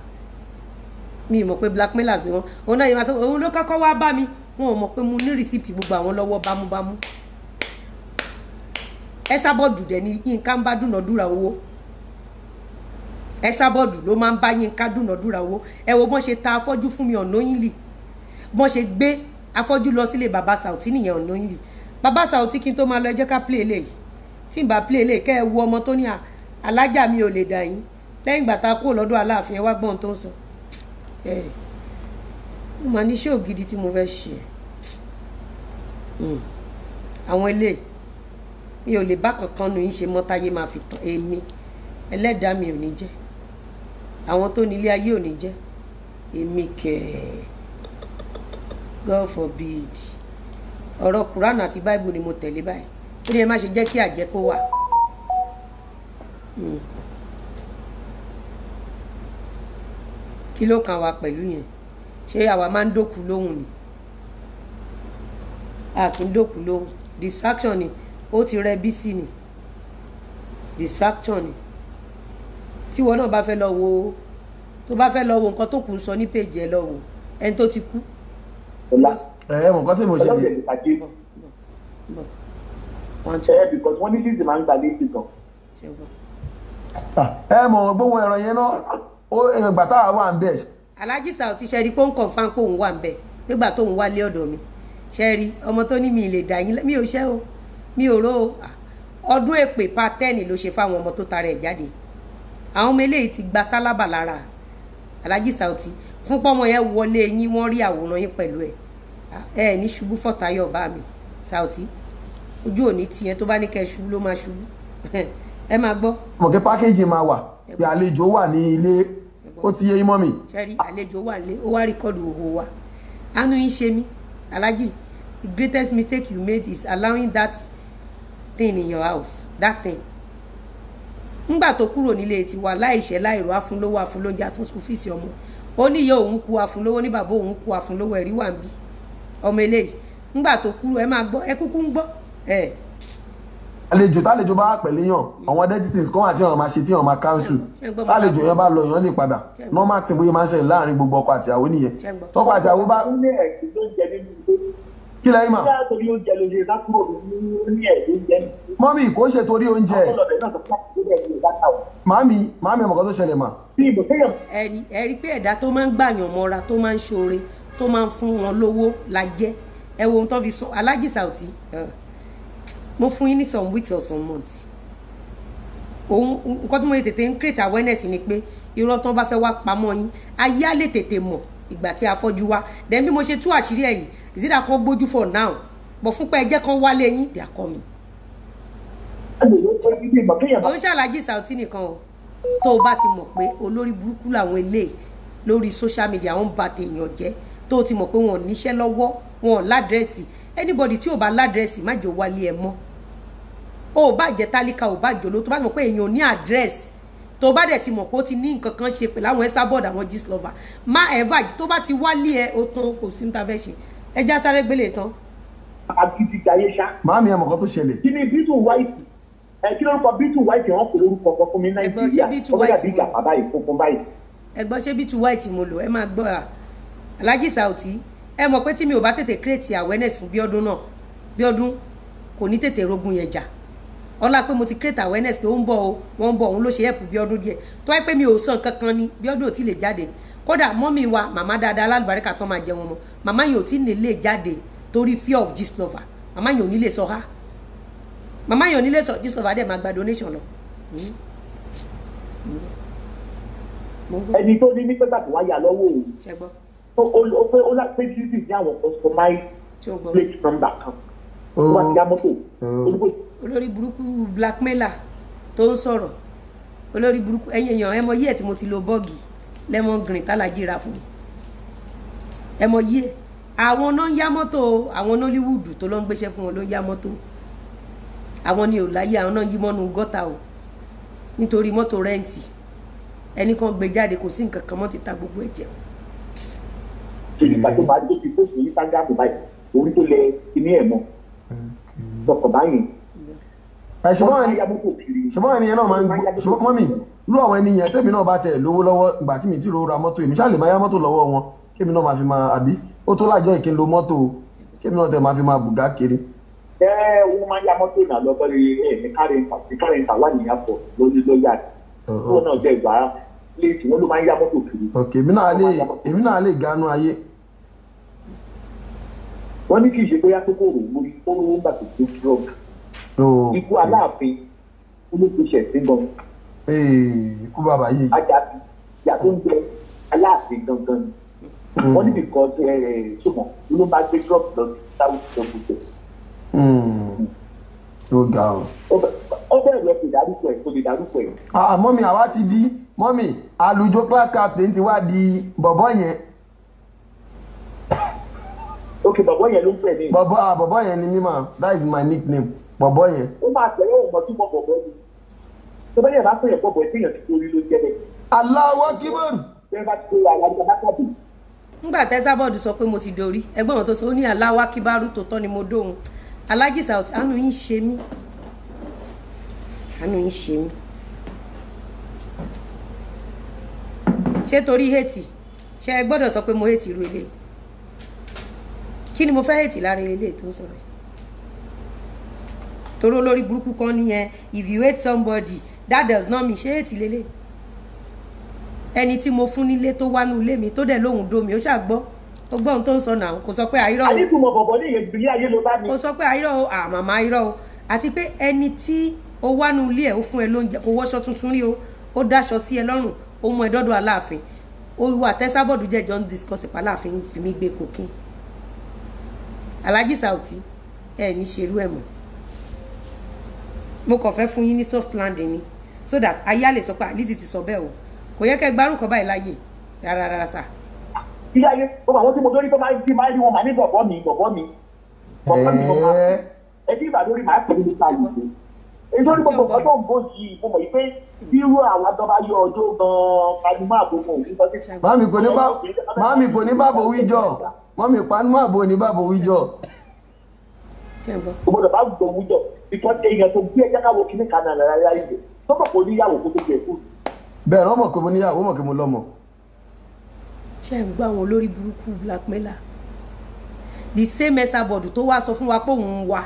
mi mọ̀ pé blackmailers ni wọ́n òun náà yẹn máa sọ òun ló kọ́kọ́ wá bá mi wọn ò mọ̀ pé mo ní receipt gbogbo àwọn lọ́wọ́ bámúbámú ẹ sábọ̀dù dẹ̀ ni yínká ń bá dúnàdúrà owó ẹ sábọ̀dù ló máa ń bá yínká dúnàdúrà owó ẹ wo bọ́n ṣe ta afọ́jú fún mi ọ̀nà yín lì bọ́n ṣe gbé afọ́jú lọ sílé baba Sauty nìyẹn ọ̀nà yín lì baba Sauty kí n tó máa lọ ẹ ká play eléyìí tí n bá play lè kẹ́ ẹ wo ọmọ tó ní à alájà mi ò lè dà yín lẹ́yìn ìgbà tá a kúrò lọ́dọ̀ aláàfin ẹ wá gbọ́n tó ń sọ ẹ mo máa ní ṣé ògidì tí mo fẹ́ ṣe hmm. àwọn ilé mi ò lè bá kankan nu yín ṣe mọ́ táyé máa fi tán èmi ẹlẹ́dàá mi ò ní jẹ́ àwọn tó nílé ayé ò ní jẹ́ èmi kẹ̀ God forbid ọ̀rọ̀ Quran àti Bible ni mo tẹ̀lé báyìí torí ẹ má ṣe jẹ́ kí àjẹ́ kó wà. kí ló kàn wá pẹ̀lú yẹn ṣé àwa máa ń dòkú lóhùn ni a kì í dòkú lóhùn distraction ni ó ti rẹ bísí ni distraction ni tí wọn náà bá fẹ́ lọ wo tó bá fẹ́ lọ wo nǹkan tó kù ń sọ ní péjì ẹ lọ wo ẹni tó ti kú. ẹ ẹ mọ̀ nǹkan tí mo ṣe yìí ẹ eh, because wọ́n ní lizzy máa ń gbàlejò gan. Ah, ẹ mọ̀ gbóhùn ẹ̀rọ yẹn náà ó ìgbà tá a wà ń bẹ̀. Alhaji Saoty ṣe rí pọ́ńkọ̀ fáńpọ̀ òun wà ń bẹ̀ nígbà tóun wá lé ọ̀dọ̀ mi ṣe rí ọmọ tó ní mi lè dà yín mi ò ṣẹ́ o mi ò ró o ah, ọdún èpè pa tẹ́ẹ̀nì ló ṣe fáwọn ọmọ tó tara ẹ̀ jáde àwọn ọmọ eléyìí ti gba sálábà lára Alhaji Saoty fún pọ́mọ yẹn wọlé yín wọ́n rí àwòrán yín pẹ̀lú ẹ̀ ah, ẹ̀ ní ṣubú fọ̀tayọ̀ bá mi Saoty ojú òní tiẹ̀ tó bá ní kẹ́ ṣubú ló máa ṣubú (laughs) ẹ máa gbọ́. mọ̀kẹ́ pákéjì máa wà pé àlejò wà ní ilé ó ti yé imọ́ mi. sẹ́rí àlejò wà nílé ó wá rìkọ́dù òwò wa àánú yín ṣe mí alájì the greatest mistake you made is allowing that thing in your house that thing ńgbà tó kúrò nílé tiwa láìṣẹ́ láìrò afúnlówó afúnlóúnjẹ asán school fees ọmọ ó ní ìyá òun kú afúnlówó ní bàbá òun kú afúnlówó ẹ̀rí wà ń bí ọmọ eléyìí ńgbà tó kúrò ẹ máa gbọ́ ẹ kúkú ń gbọ́ Eh. àlejò tálejò bá pẹ̀lú yàn àwọn identities kan wà tí wọn máa ṣe tí wọn máa cancel tálejò yẹn bá lọ yàn lè padà normal tí bóyá máa ń ṣẹlẹ̀ láàrin gbogbo ọkọ àtìyàwó nìyẹn tọkọ àtìyàwó bá. kí lẹ́yìn mà. mọ́mí kò ṣe torí oúnjẹ. màmí màmí ọmọ kan tó ṣẹlẹ̀ mà. ẹ̀rí pé ẹ̀dá tó máa ń gbàyàn mọ́ra tó máa ń ṣoore tó máa ń fún wọn lówó la jẹ́ mo fún yín ní some weeks or some months òun nǹkan tí mo lè tètè ń create awareness ni pé irọ́ tán bá fẹ́ wá pamọ́ yín ayé á lè tètè mọ̀ ìgbà tí a fọ́jú wá then bí mo ṣe tú àṣírí ẹ̀ yìí ìdílà kan gbójú for now bọ̀ fúnpá ẹjẹ́ kan wálé yín dì àkọ́ mi. ó ń ṣàlàjì Saoty nìkan o tó o bá ti mọ̀ pé olórí burúkú làwọn eléyìí lórí social media wọn ba tèèyàn jẹ́ tó o ti mọ̀ pé wọn ò níṣẹ́ lọ́wọ́ wọn ò ládírẹ́sì anybody tí ò bá ládírẹ́sì má jò wálé ẹ mọ́ o ba jẹ́ tálíkà o ba jolo to ba mọ̀ pé èèyàn ní àdírẹ́sì tó bá dẹ̀ ti mọ̀ pé ó ti ní nǹkan kan ṣe pẹ̀lú àwọn ẹ́sà bọ́ọ̀dù àwọn gist lover má ẹ̀fà tó bá ti wálé ẹ o tán kò sí níta fẹ́ ṣe ẹ já sáré gbélé tán. àgídíjayé ṣá. màá mi àmọ̀kọ́ tó ṣẹlẹ̀. kí ni bítù wáìtì ẹ kí lórúkọ bítù wáìtì wọn kò lórúkọ kan fún mi nàìjíríà ó bá dàbí ìjà bàbá ìfúnfún báyìí. ẹ gbọ́ mo lò ẹ máa gbọ́ Alhaji Saoty ẹ mọ̀ pé tí mi ò bá tètè create awareness fún Bíọ́dún náà Bíọ́dún kò ní tètè rogun yẹn jà ọlá pé mo ti create awareness pé ó ń bọ̀ o wọ́n ń bọ̀ òun ló ṣe help Bíọ́dún díẹ̀ tó wáyé pé mi ò sàn kankan ni Bíọ́dún ò tí lè jáde kódà mọ́mì wa màmá dáadáa alálùbáríkà tó máa jẹ wọn mọ́ màmá yìí ò tí lè lè jáde torí fear of Gistlover màmá yìí ò ní lè sọ ha màmá yìí ò ní lè sọ Gistlover dẹ̀ máa gba donation lọ. ẹni tó ní ní pẹ́tàkì wáyà lọ́wọ́ òun ó pé ó lá pé fífi ní àwọn customize plate number kan ó wà ní amọ́tò olórí burúkú blackmailer tó ń sọ̀rọ̀ olórí burúkú ẹ̀yin èèyàn ẹ mọ yí ẹ̀ tí mo ti lo bọ́ọ̀gì lẹ́mọ̀ green tálájì ra fún mi ẹ mọ yí ẹ̀ àwọn náà ń yá mọ́tò àwọn nollywood tó ló ń gbéṣẹ́ fún wọn ló ń yá mọ́tò àwọn ni ò láyé àwọn náà yí mọ́nu gọ́tà o nítorí mọ́tò rẹ́ǹtì ẹnì kan gbé jáde kò sí nǹkan kan mọ́ ti ta gbogbo ẹ̀ jẹun. ìgbà tó máa dé ti fóònù ní sáńgáàmù báyìí orí tó lẹ kíní ẹ̀ mọ́ sọkọ̀ báyìí. ẹ ṣùgbọ́n ṣùgbọ́n ẹni yẹn náà máa ń gbọ́ ṣùgbọ́n mọ́mì irú àwọn ẹni yẹn tẹ́mi náà bá tẹ̀ lówó lọ́wọ́ ìgbà tí mi ti ro ra mọ́tò èmi ṣáà lè bá yá mọ́tò lọ́wọ́ wọn kémi náà máa fi máa àbí ó tó lájọ́ ìkí ń mọ́tò kémi náà tẹ̀ máa fi máa bùgá kiri. ẹ wọ́n máa yá mọ́tò náà lọ́gbọ́n rí ẹ̀mí kárẹ̀ǹtà wà ní àpọ̀ lórí lọ́yà tó náà jẹ́ ìgbà pléètì wọn ló máa ń yá mọ́tò kiri. ok wọ́n ní kì í ṣe bóyá tó kòrò lórí ó ní nígbà tó tó drug ikú aláàfin olóṣèṣẹ sí gan. ikú bàbá yìí. ajabi ìyá tó ń jẹ aláàfin gangan ni hmm. wọ́n níbi kan ṣe ẹ ṣùgbọ́n ló bá gbé drug lọ sí south dọ́gbọ̀tẹ̀. Hmm. ó ga o. ó bẹ̀rẹ̀ lọ sí ìdárúkọ ẹ̀ kó lè dárúkọ ẹ̀. Ah, mọ́mí àwa ti di mọ́mí àlùjọ class captain ti wá di bọ̀bọ́ yẹn. Okay, bọ̀bọ̀ yẹn ló ń pè mí. bọ̀bọ̀ ah bọ̀bọ̀ yẹn ni mí that is my nickname bọ̀bọ̀ yẹn. ó máa tẹ̀lé ọmọ tí mo bọ̀bọ̀ ni tó bá yẹ bá pèyàn bọ̀bọ̀ tí èèyàn ti torí ló jẹ́ bẹ́ẹ̀. aláwọ̀ kíbọ̀rù. bẹ́ẹ̀ bá ti torí àwọn ọmọ bá tàbí ngbà tẹ́sà bọ́ọ̀dù sọ pé mo ti dorí ẹgbọ́n wọn tó sọ ó ní aláwa kíbárù tó tọ́ ni mo dóhun alájì sàùtì àánú yín ṣe mí àánú yín ṣe mí ṣé torí hẹ́tì ṣé ẹ gbọ́dọ̀ sọ pé mo hẹ́tì irú eléyìí kí ni mo fẹ́ ètì lára ilé tó ń sọ̀rọ̀ yìí torí olórí burúkú kan nìyẹn if you hate somebody that does not mean ṣé ètì lélẹ̀ ẹni tí mo fún nílé tó wá nílé mi tó dẹ̀ lóhùn dómi ó ṣàgbọ́ ó gbọ́ ohun tó ń sọ náà kò sọ pé àìrọ̀ o àdìkùmọ̀ bọ̀bọ̀ ní ìyẹn ìbílẹ̀ ayé ló bá mi kò sọ pé àìrọ̀ o àmàmà àìrọ̀ o àti pé ẹni tí ó wá nu ilé ẹ̀ ó fún ẹ lóúnjẹ kò wọṣọ tuntun rí o ó dáṣọ sí ẹ lọ́rùn ó mú ẹ dọ́dọ̀ aláàfin olùwà tẹ́sábọ̀dù jẹ́jọ́ ń discuss ìpàláàfin fi mí gbé kòkín Alaji Sauty ẹ ní ṣerú ẹ̀ mọ́ mo kàn fẹ́ fún yín ní soft landing ni so that ayé á lè sọ pé Lizzy ti sọ bẹ́ẹ̀ o kò yẹ kẹ́ gbárùkọ báyìí láàyè rárá rárá sà. ilé ayé ó máa wọ́n tí mo dórí tó máa ń bí máa ń rí wọn màá ní bọ̀bọ̀ mi bọ̀bọ̀ mi bọ̀bọ̀ mi mo máa ẹbí ìbàdórí máa pè é nípa ìlú nítorí gbogbo nǹkan tó ń bó sí i mo mọ̀ yìí pé bírú àwọn adọ́ba yọ ọjọ́ gan-an kanimọ́ àbò mo ò ní sọ sí. màámi kò ní bàbò wíjọ màámi panimọ́ àbò ní bàbò wíjọ. gbogbo bàbá gbogbo wíjọ ìtọ́ èèyàn tó gbé ẹja káwọ kíní kan náà rárá ìjẹ tọmọ kò níyàwó kó tó gbẹ fún. bẹ́ẹ̀ ni ọmọ kò mo níyàwó mọ̀ kí mo lọ́mọ. ṣé ẹ ń gbọ́ àwọn olórí burúkú blackmailer the same ẹ̀sà bọ̀dù tó wá sọ fún wa pé òun wà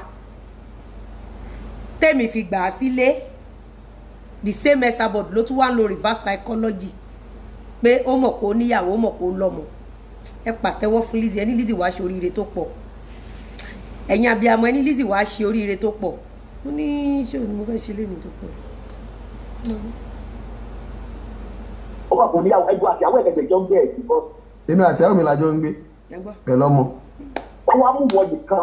tẹ́mi fi gbà á sílé the same ẹ̀sà board ló tún wá ń lo reverse psychology pé ó mọ̀ pé ó níyàwó ó mọ̀ pé ó lọ́mọ ẹ pàtẹ́wọ́ fún Lizzy ẹni Lizzy wàá ṣe oríire tó pọ̀ ẹ̀yin abiyamọ ẹni Lizzy wàá ṣe oríire tó pọ̀ ó ní ṣé òun ni mo fẹ́ ṣe lé mi tó pọ̀ ó wà fún níyàwó ẹjọ àti àwọn ẹlẹgbẹ́ jọ ń gbé ẹ jù bọ. èmi àti àwọn mi la jọ ń gbé pẹ̀lú ọmọ. wọn wá mú wọn nìkan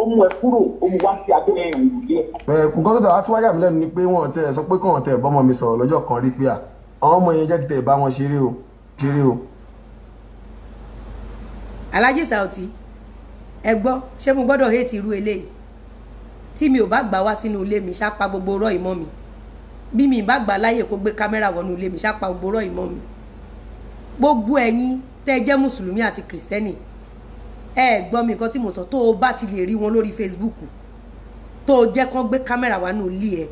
ó mú ẹ kúrò ó mú wá sí abẹ́rẹ́ ìwòye. nǹkan tó tàwa tún wáyà mí lẹ́nu ni pé wọ́n tẹ sọ pé kàn tẹ bọ́mọ mi sọ̀rọ̀ lọ́jọ́ kan rí pé à àwọn ọmọ yẹn jẹ́ kí tẹ bá wọn ṣeré o ṣeré o. alájẹ Saoty ẹ gbọ́ ṣé mo gbọ́dọ̀ hé ti irú eléyìí tí mi ò bá gbà wá sínú ilé mi ṣápa gbogbo rọ ìmọ̀ mi bí mi bá gbà láyè kó gbé kámẹ́rà wọnú ilé mi ṣápa gbogbo rọ ìmọ̀ mi gbogbo ẹ̀yin tẹ́ jẹ́ mùsùlùmí àti kìrìsìtẹ́nì ẹ gbọ́ mi nǹkan tí mo sọ tó o bá ti lè rí wọn lórí Facebook tó o jẹ́ kán gbé kámẹ́rà wa nù lé ẹ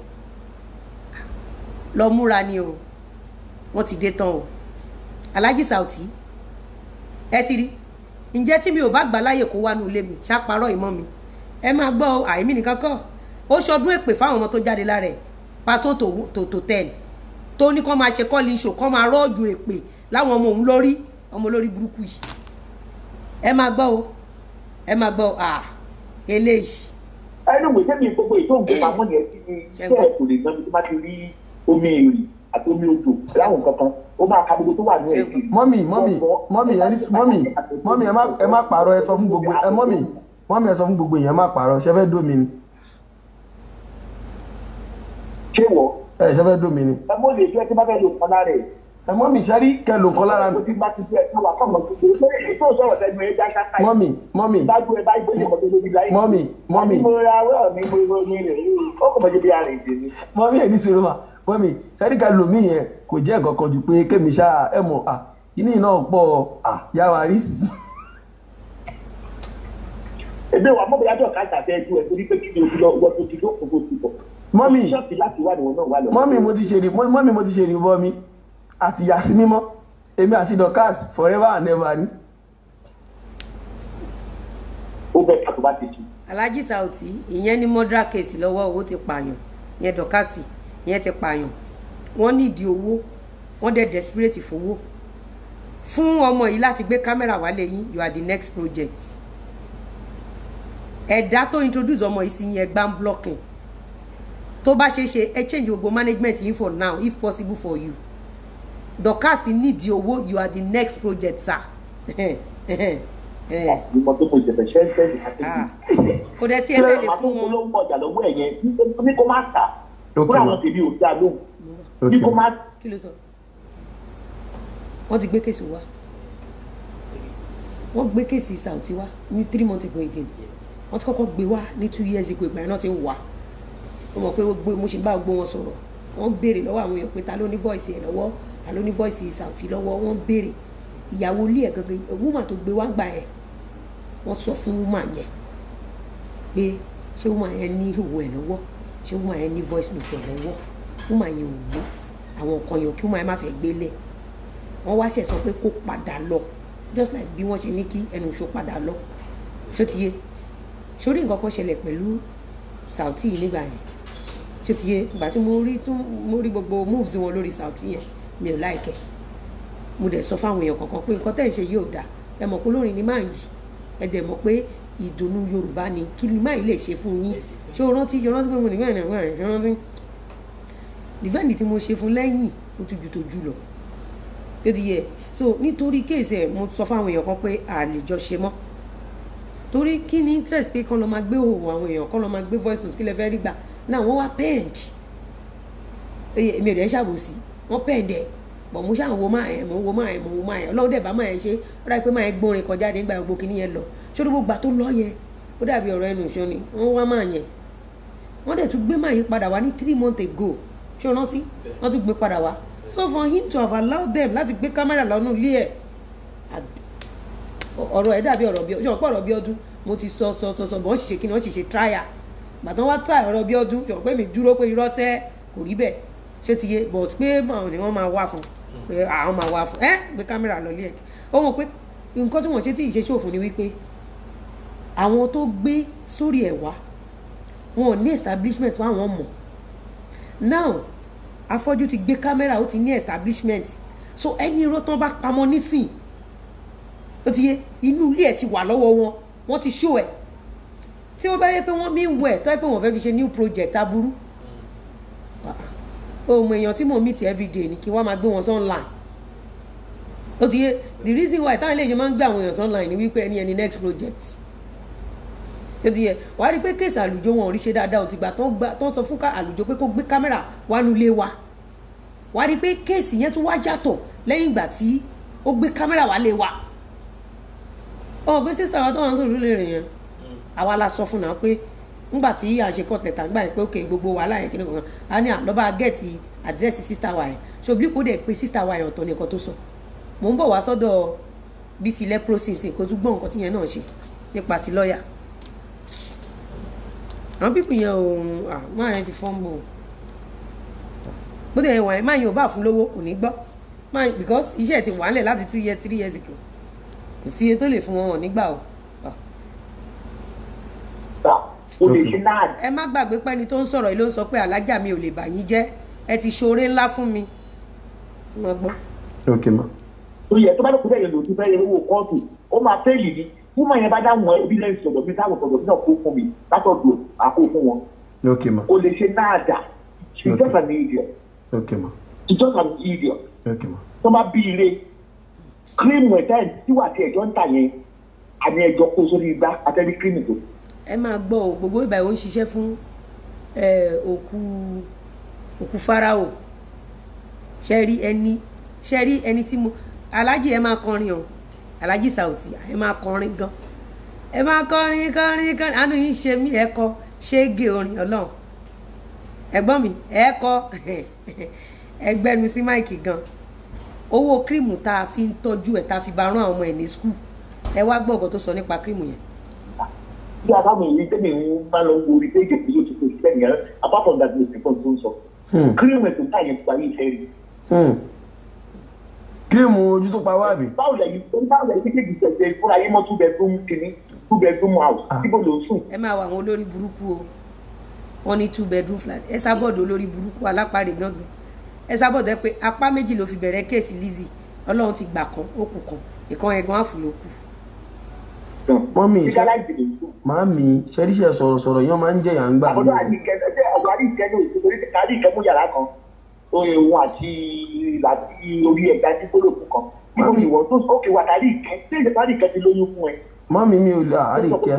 lọ múra ni o wọ́n ti dé tán o Alhaji Saoty ẹ ti rí ǹjẹ́ tí mi ò bá gbà láyè kó wá nù ilé mi ṣàparọ́ ìmọ̀ mi ẹ máa gbọ́ àìmí nìkan kọ́ ó ṣọdún èpè fáwọn ọmọ tó jáde lára ẹ̀ pàtó tòótò tẹ́ẹ̀nì tó ní kán máa ṣe kọ́ọ̀lì iṣò kán máa rọ́ọ̀jù èpè láwọn ọmọ òun lórí ọmọ lórí burúkú yìí ẹ máa gbọ́ o ẹ máa gbọ́ à eléyìí. ẹnu wò sẹ́mi gbogbo ètò ìgbòpamọ́ yẹn ti ní bẹ́ẹ̀ kò lè ná mi tó bá ti rí omi ìrì àti omi odò láwọn kankan ó máa ka gbogbo tó wà ní ẹ̀kí. mọ́mì mọ́mì mọ́mì mọ́mì mọ́mì ẹ má pààrọ̀ ẹ sọ fún gbogbo ẹ mọ́mì mọ́mì ẹ sọ fún gbogbo èèyàn má pààrọ̀ ṣe fẹ́ dómi ni. ṣé wọ. ẹ ṣe fẹ́ dómi ni. ẹ mọ̀ lè jẹ́ tí bá fẹ́ lò kọ́lá rẹ̀ ẹ̀mọ́ mi sẹ́rí kẹlò nǹkan lára mi. mọ́mì mọ́mì mọ́mì mọ́mì mọ́mì ẹni sèrè ma mọ́mì sẹ́rí kẹlò mi yẹn kò jẹ́ kankan ju pé kémi ṣá ẹ̀ mọ̀ à kíní náà pọ̀ à yára rí sí. ẹgbẹ́ wa mọ́bí ajọ́ ká tàbí ẹjọ́ ẹ̀ torí pé kí ni o ti lọ wọ́n tó ti lọ́kùnkùn ti bọ̀. mọ́mì mọ́mì mo ti ṣe rí mọ́mì mo ti ṣe rí bọ́ àti yà sí mímọ́ èmi àti Dorkas forever and ever ni. ó bẹ̀ ká tó bá ti jù. Alhaji Sauty ìyẹn ní murder case lọ́wọ́ owó ti pààyàn ìyẹn Dorkas ìyẹn ti pààyàn wọ́n nídìí owó wọ́n dẹ̀ desperate fowó fún ọmọ yìí láti gbé kámẹ́rà wálé yín you are the next project ẹ̀dá tó introduce ọmọ yìí sí yín ẹgbà ń blocking tó bá ṣeé ṣe ẹ change gbogbo management yín for now if possible for you Dorcas nídìí owó you are the next project sir. ìmọ̀ tó mo jẹ̀bẹ̀ ṣẹ́ ń tẹ̀lé àtẹ̀lé. Ah. kò dẹ̀ sí ẹ bẹ́ẹ̀ lè fún wọn. ló ń mọ ọjà lọ́wọ́ ẹ̀ yẹn ní kó má ta fúnra wọn tèmi ò dá lóhùn ní kó má. kí ló sọ wọ́n ti gbé kéèsì wá wọ́n gbé kéèsì Saoty wá ní three months ago again wọ́n ti kọ́kọ́ gbé wá ní two years ago ìgbà náà ti wà wọ́n mọ̀ pé mo ṣe bá gbó wọn sọ̀rọ̀ wọ́n béèrè lọ́wọ́ àwọn èèyàn pé ta ló ní voice ẹ̀ lọ́wọ́ àló ní voice Saoty lọ́wọ́ wọ́n béèrè ìyàwó ilé ẹ̀ gangan woman tó gbé wá gbà yẹn wọ́n sọ fún woman yẹn pé ṣé woman yẹn ní ìwò ẹ̀ lọ́wọ́ ṣé woman yẹn ní voice note ẹ̀ lọ́wọ́ woman yẹn ò mú àwọn nǹkan yẹn kí woman yẹn má fẹ́ gbélé wọ́n wá ṣẹ̀ sọ pé kó padà lọ just like bí wọ́n ṣe ní kí ẹnu ìṣó padà lọ ṣó ti yé sórí nǹkan kan ṣẹlẹ̀ pẹ̀lú Saoty nígbà yẹn ṣó ti yé ìgbà tí mo rí gbogbo moves wọn lórí Saoty yẹn mi ò láìkẹ́ mo dẹ̀ sọ fáwọn èèyàn kọ̀ọ̀kan pé nǹkan tẹ̀ ń ṣe yìí ò dáa ẹ mọ̀ pé olórin ni máa yìí ẹ dẹ̀ mọ̀ pé ìdùnnú Yorùbá ni kí ni máa yìí lè ṣe fún yín ṣé o rántí o rántí pé mo nìgbà yẹn ṣe o rántí ìfẹ́ǹdì tí mo ṣe fún lẹ́yìn ó ti ju tòjú lọ ló ti yẹ so nítorí kéèsì ẹ̀ mo sọ fáwọn èèyàn kan pé a lè jọ ṣe mọ́ torí kí ni interest pé kán lọ máa gbé ohùn àwọn èèyàn kán lọ máa gbé voice note kí lè fẹ́ rí gbà náà wọ́n wá pẹ́ǹkì èmi ò dẹ̀ ṣàbòsí wọ́n pẹ̀ndẹ̀ bọ̀ mo ṣáà wo máa yẹn mo wo máa yẹn mo wo máa yẹn ọlọ́run dẹ̀ bá máa yẹn ṣe ó dàbí pé máa yẹn gbọ́nrin kan jáde nígbà gbogbo kìíní yẹn lọ sórí gbogbo gbà tó lọ yẹn ó dàbí ọ̀rọ̀ ẹnu ìṣan ni wọ́n wá máa yẹn wọ́n dẹ̀ tún gbé máa yẹn padà wá ní three months ago ṣé o rántí wọ́n tún gbé padà wá so for him to have allowed them láti gbé kámẹ́rà lọ́nà ilé ẹ̀ ọ̀rọ̀ ẹ̀ dàbí ọ̀rọ̀ bí ṣọ̀pọ̀ ọ̀rọ̀ bí ọdún mo ti sọ sọ sọ sọ bọ́n ṣìṣe kí ni wọ́n ṣìṣe trial gbàtàn wá trial ọ̀rọ̀ bí ọdún ṣọ̀pọ̀ mi dúró pé irọ́ sẹ́ kò rí bẹ́ẹ̀ ṣé ti yé but pé báwọn ni wọ́n máa wá fún pé àwọn máa wá fún ẹ gbé kámẹ́rà lọ lé ẹ̀ ó mọ̀ pé nǹkan tí wọ́n ṣe tí ì ṣe ṣòfò ni wípé àwọn tó gbé sórí ẹ̀ wá wọn ò ní establishment wọn àwọn mọ̀ now afọ́jú ti gbé kámẹ́rà ó ti ní establishment so ẹni irọ́ tán bá pamọ́ nísìn ó ti yé inú ilé ẹ̀ ti wà lọ́wọ́ wọn wọ́n ti show ẹ̀ tí wọ́n bá yẹ pé wọ́n mí wẹ̀ tó yẹ pé wọ́n fẹ́ fi ṣe new project aburú ohun èèyàn tí mò ń meet everyday ni kí wọ́n máa gbé wọn online ó ti yé the reason why táwọn iléeṣẹ́ máa ń gbé àwọn èèyàn online ni wípé ẹni ẹni next project ó ti yé wàá rí i pé kéèsì àlùjọ wọn ò rí ṣe dáadáa ó ti gbà tán sọ fún àlùjọ pé kó gbé kámẹ́rà wánú ilé wa wàá rí i pé kéèsì yẹn tún wá yàtọ̀ lẹ́yìn ìgbà tí ó gbé kámẹ́rà wá lé wa ọmọ pé sísè àwọn tó wà ń sọ̀rọ̀ lórí rẹ̀ yẹn hmm. àwa la sọ fún náà pé ńgbà tí àṣekọ̀ tẹ̀tà gbà yẹn pé ok gbogbo wàhálà yẹn kí ni kankan a ní àlọ́ba gẹ̀ẹ́tì àdírẹ́sì sísítà wa yẹn ṣòbílíkù dẹ̀ pé sísítà wa yẹn ọ̀tọ̀ ni nǹkan tó sọ mò ń bọ̀ wá sọ́dọ̀ bíi ilẹ̀ processing kó tún gbọ́ nǹkan tí yẹn náà ṣe nípa ti lọ́ọ̀yà àwọn pípì yẹn ò máa yẹn ti fọ́nbù bó tẹ̀yẹ̀ wà yẹn máa yẹn ò bá fún lówó kò ní gbọ́ because iṣẹ́ ti wà ń lẹ̀ láti two years three years ago kò sí iye tó lè fún wọn nígbà o o lè ṣe náà. ẹ má gbàgbé pẹ́ni tó ń sọ̀rọ̀ yìí ló ń sọ pé alájà mi ò lè bà jẹ́ ẹ ti ṣoore ńlá fún mi. ok ma. oyè tó bá lóko bẹ́ẹ̀ lòdì bẹ́ẹ̀ owó kóòtù ó máa fẹ́ẹ̀lì ni fún mọ̀ yẹn bá dáhùn evidence ọ̀dọ̀ mi táwọn ọ̀dọ̀ mi náà kó fún mi látọ̀dọ̀ àkó fún wọn. ok ma. o lè ṣe náà dà ìjọba mi ìdíọ̀. ok ma. ìjọba mi ìdíọ̀. ok ma. tó bá bí ire kírímù ẹ̀tẹ́ ìdíwà tí ẹ̀jọ́ ń tà yẹn àmì ẹ̀jọ́ kó sórí igbá àtẹ́rí ẹ máa gbọ́ o gbogbo ìbàyẹ̀ ó ń ṣiṣẹ́ fún òkú òkú farao ṣe rí ẹni ṣe rí ẹni tí mo alájì ẹ máa kọrin o alájì sàùtì ẹ máa kọrin gan ẹ máa kọrin kọrin kọrin àánú yìí ṣe mí ẹ kọ ṣége orin ọlọ́run ẹ̀gbọ́n mi ẹ kọ (laughs) ẹgbẹ́nu sí máìkì gan owó kírìmù tá a fi ń tọ́jú ẹ̀ tá a fi bá rán àwọn ọmọ ẹ̀ ní skul ẹ wá gbọ́ tó sọ nípa kírìmù yẹn bí aláwọ̀ èyí tẹ́lẹ̀ ń bá lọ wo orí péjì tí yóò ti kó sílẹ̀ yẹn apart from that most important tó ń sọ. kírímù ètò táyà ń parí ìfẹ́ rí. kírímù ojú tó pa wá bí. báwo lẹ́yìn báwo lẹ́yìn kékeré ìṣẹ̀lẹ̀ fúnra yín mọ́ two bedroom kìíní two bedroom house síbò ah. ló ń sùn. ẹ máa wà àwọn olórí burúkú o wọn ní two bedroom flat ẹ sábọ̀dọ̀ olórí burúkú alápàrẹ̀ gángan ẹ sábọ̀dọ̀ pé apá méjì ló fi bẹ̀rẹ̀ kéèsì Lizzy Ọlọ́run ti gbà kan ó kù kan ìkan ẹ̀gbọ́n àfùlókù mọ́mí màámi ṣẹ́ríṣẹ́ sọ̀rọ̀sọ̀rọ̀ yẹn máa ń jẹ̀yà ń gbà. àbọ̀dọ̀ àdìkẹ́ ẹgbẹ́ ọ̀gá àdìkẹ́ ní òṣèlú orí kíkà àdìkẹ́ mú yàrá kan orin òun àti láti orí ẹ̀dá tí gbólóòkù kan nínú ìwọ̀n tó ókè wà àdìkẹ́ tí ìjọba àdìkẹ́ ti lóyún fún ẹ. mọ́mí mi ò lọ àríkẹ́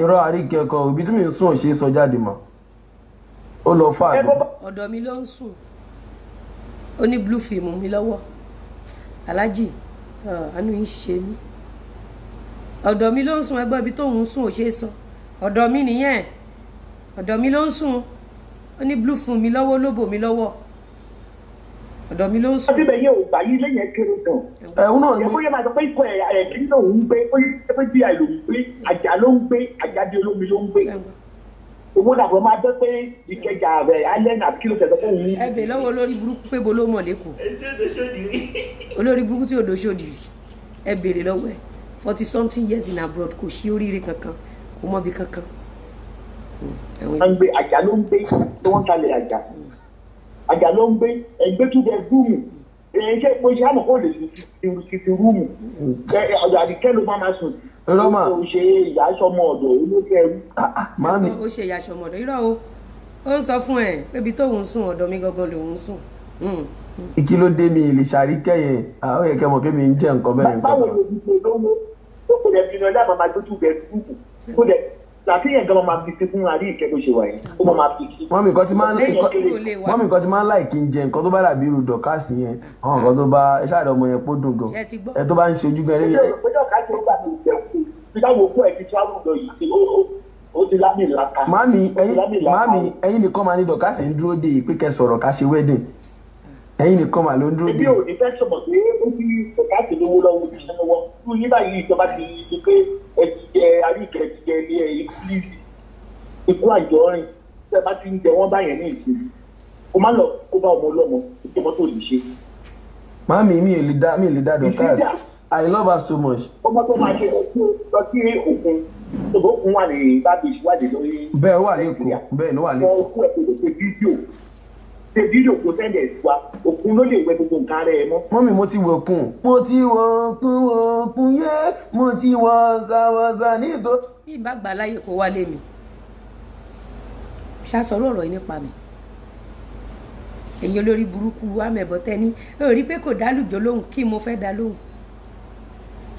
irọ́ àríkẹ́ kan òbí tí mi ń sùn ṣe sọ jáde mọ́ ó lọ fà á. ọ̀dọ̀ mi ló ń sùn ó ní blue film mi ọ̀dọ̀ mi ló ń sùn ẹgbẹ́ ibi tóun ń sùn ò ṣe é sọ ọ̀dọ̀ mi nìyẹn ọ̀dọ̀ mi ló ń sùn ó ní blue fún mi lọ́wọ́ ló bò mí lọ́wọ́ ọ̀dọ̀ mi ló ń sùn. bíbẹ̀ yẹ ò gbà yí lẹ́yìn ẹ̀kẹ́rẹ́ gan. ẹ̀hún náà ni. ẹ̀fọ́ yẹn máa sọ pé ikọ̀ ẹ̀ kí ló ń gbé ó yẹ pé bí àìlò ń gbé àjà ló ń gbé àjáde olómi ló ń gbé. owó làbọ̀ máa bẹ́ pé ìkẹjà rẹ̀ alẹ́nà kí ló fẹ́ fún mi. ẹ bè lọ́wọ́ olórí burúkú pé bo ló mọ̀ lẹ́kọ̀ọ́. olórí burúkú tí ò forty something years in abroad kò sí oríire kankan kò mọbi kankan. Hmm, wọ́n ń gbé àjà ló ń gbé tí wọ́n ń talẹ̀ àjà àjà ló ń gbé ẹgbẹ́ tó jẹ rúùmù èyí ṣe mo ṣe àmọ́ kó lè fi fi rúùmù ọ̀dọ̀ hmm. àdìkẹ́ ló máa ma sùn. rọ́mà o ṣe ìyá sọmọ ọ̀dọ̀ olóṣè ẹrú. Ah, ah, màámi o ṣe ìyá sọmọ ọ̀dọ̀ irọ́ o ó ń sọ fún ẹ pé ibi tóun sùn ọ̀dọ̀ mi gangan lòun sùn hmm. kí ló dé mi ìlìṣàrí kẹyìn àwọn yẹn kẹmọ ah, kí mi ń jẹ nǹkan bẹ́ẹ̀ nǹkan. báwo ló ti ṣe lówó kó lẹ bínú ẹ náà máa dójú bẹ dúkù kó lẹ làfihàn gan máa fi fún wa ní ìkẹ́ tó ṣe wà yẹn ó máa fi kí. wọ́n mi nǹkan ti máa ń wọ́n mi nǹkan ti máa ń láì kí n jẹ nǹkan tó bá dàbí irú dọ̀kásì yẹn àwọn nǹkan tó bá ẹ ṣáà ọmọ yẹn pọ̀ dùn gan ẹ tó bá ń ṣe ojú gan eré yẹn. mami ẹyin nìkan máa ní dọ̀kásì ń dúró de ìpínkẹ́ sọ̀rọ̀ ká ṣe wedding ẹ̀yin nìkan mà ló ń dúró dé. ebi ò ní fẹ́ sọ̀rọ̀ pé ó ti káàkiri lówó lọ́wọ́ ti sẹ́nu wọ́n fún yín báyìí ìjọba ti ṣe pé ẹ ti jẹ àríkẹ́ ẹ̀ ìkúlìlì ikú àjọrin tẹ́ bá ti ń jẹ wọ́n báyẹn ní ìsinmi kó má lọ kó bá ọmọ ọlọ́mọ tó mọ́tò lè ṣe. màmí mi ò lè dá mi ò lè dá dọ́kítà I love so much. ọmọ tó máa ṣe lọ sí òkun ṣùgbọ́n wà ní bábí ṣe fídíò kó sẹ́ndẹ̀ wa òkun ló lè wẹ gbogbo nǹkan rẹ̀ mọ́. mọ́mì mo ti wọ̀kùn mo ti wọ̀kùn wọ̀kùn yé mo ti wọ̀sàwọ̀sà nítò. bí ìbá gbà láyè kó wálé mi ṣàṣọ̀rọ̀ ọ̀rọ̀ yìí nípa mi èyí olórí burúkú amẹ̀bọ̀tẹ́ ní orí pé kò dálùjọ lóhùn kí mo fẹ́ dá lóhùn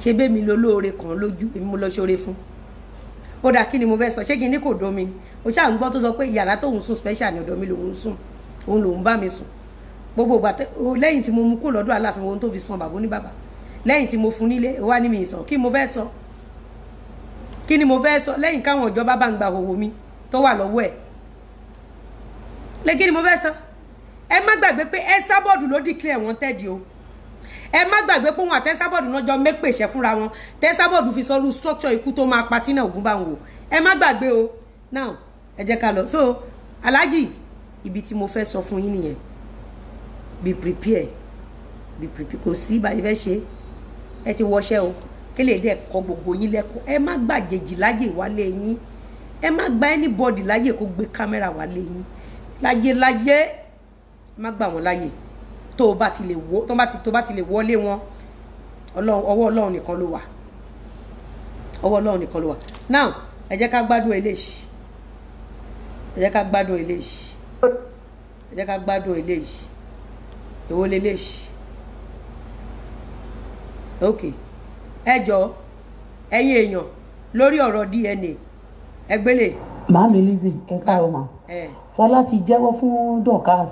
ṣe bẹ́mi lo lóore kan lójú mo lọ ṣoore fún ó kí ni mo fẹ́ sọ ṣé kí ni kò domi o ṣáà ń gbọ́ tó sọ pé yàrá tóun sùn special ni ọ̀dọ̀ mi lòun sùn òun lòun bá mi sùn gbogbo ìgbà lẹ́yìn tí mo mú kó lọ́dọ̀ aláàfin ohun tó fi san bàbá oníbàbà lẹ́yìn tí mo fún nílé wá ní mi ìsàn kí mo fẹ́ sọ kí ni mo fẹ́ sọ lẹ́yìn káwọn ìjọba bá ń gba òwò mi tó wà lọ́wọ́ ẹ̀ lẹ́kí ni mo fẹ́ sọ ẹ má gbàgbé pé ẹ sábọ̀dù ló declare wanted o ẹ má gbàgbé pé wọn àtẹ́sábọ̀dù náà jọ mẹ́pèsè fúnra wọn tẹ́sábọ̀dù fi sọrú structure ikú tó máa pa tínà ògúnbà wọn o ẹ má gbàgbé o now ẹ jẹ́ ká lọ so Alhaji ibi tí mo fẹ́ sọ fún yín nìyẹn be prepare be prepare kò sí báyìí fẹ́ ṣe ẹ ti wọṣẹ́ o kí lè dẹ̀ kọ́ gbogbo yín lẹ́kọ̀ọ́ ẹ má gbàjèjì láyè wálé yín ẹ má gba anybody láyè kó gbé kámẹ́rà wálé yín láyé láyé má gbà wọ́n láyè tó o bá ti lè wọ tó o bá ti lè wọlé wọn ọwọ́ ọlọ́run nìkan ló wà ọwọ́ ọlọ́run nìkan ló wà now ẹ jẹ́ ká gbádùn eléyìí ẹ jẹ́ ká gbádùn eléyìí ẹ jẹ́ ká gbádùn eléyìí èwo leléyìí ok ẹ jọ èèyàn lórí ọ̀rọ̀ DNA ẹgbélé. màámi lizzy ẹ káàárọ̀ mà fọlá ti fún dorcas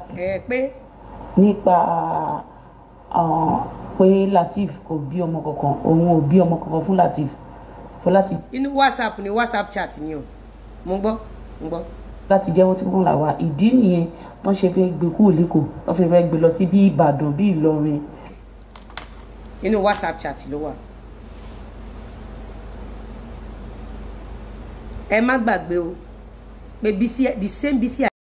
nípa pé lateef kò bí ọmọ kankan òun ò bí ọmọ kankan fún lateef fọlá inú whatsapp ni whatsapp chat ni o mo gbọ́ mo gbọ́ láti jẹ́wọ́ tí wọ́n là wá ìdí nìyẹn wọ́n ṣe fẹ́ gbé kúrò lẹ́kọ̀ọ́ wọ́n fẹ́ fẹ́ gbé lọ sí bí Ìbàdàn bí Ìlọrin. inú WhatsApp chat ló wà. ẹ má gbàgbé o pé Bísí the same Bísí.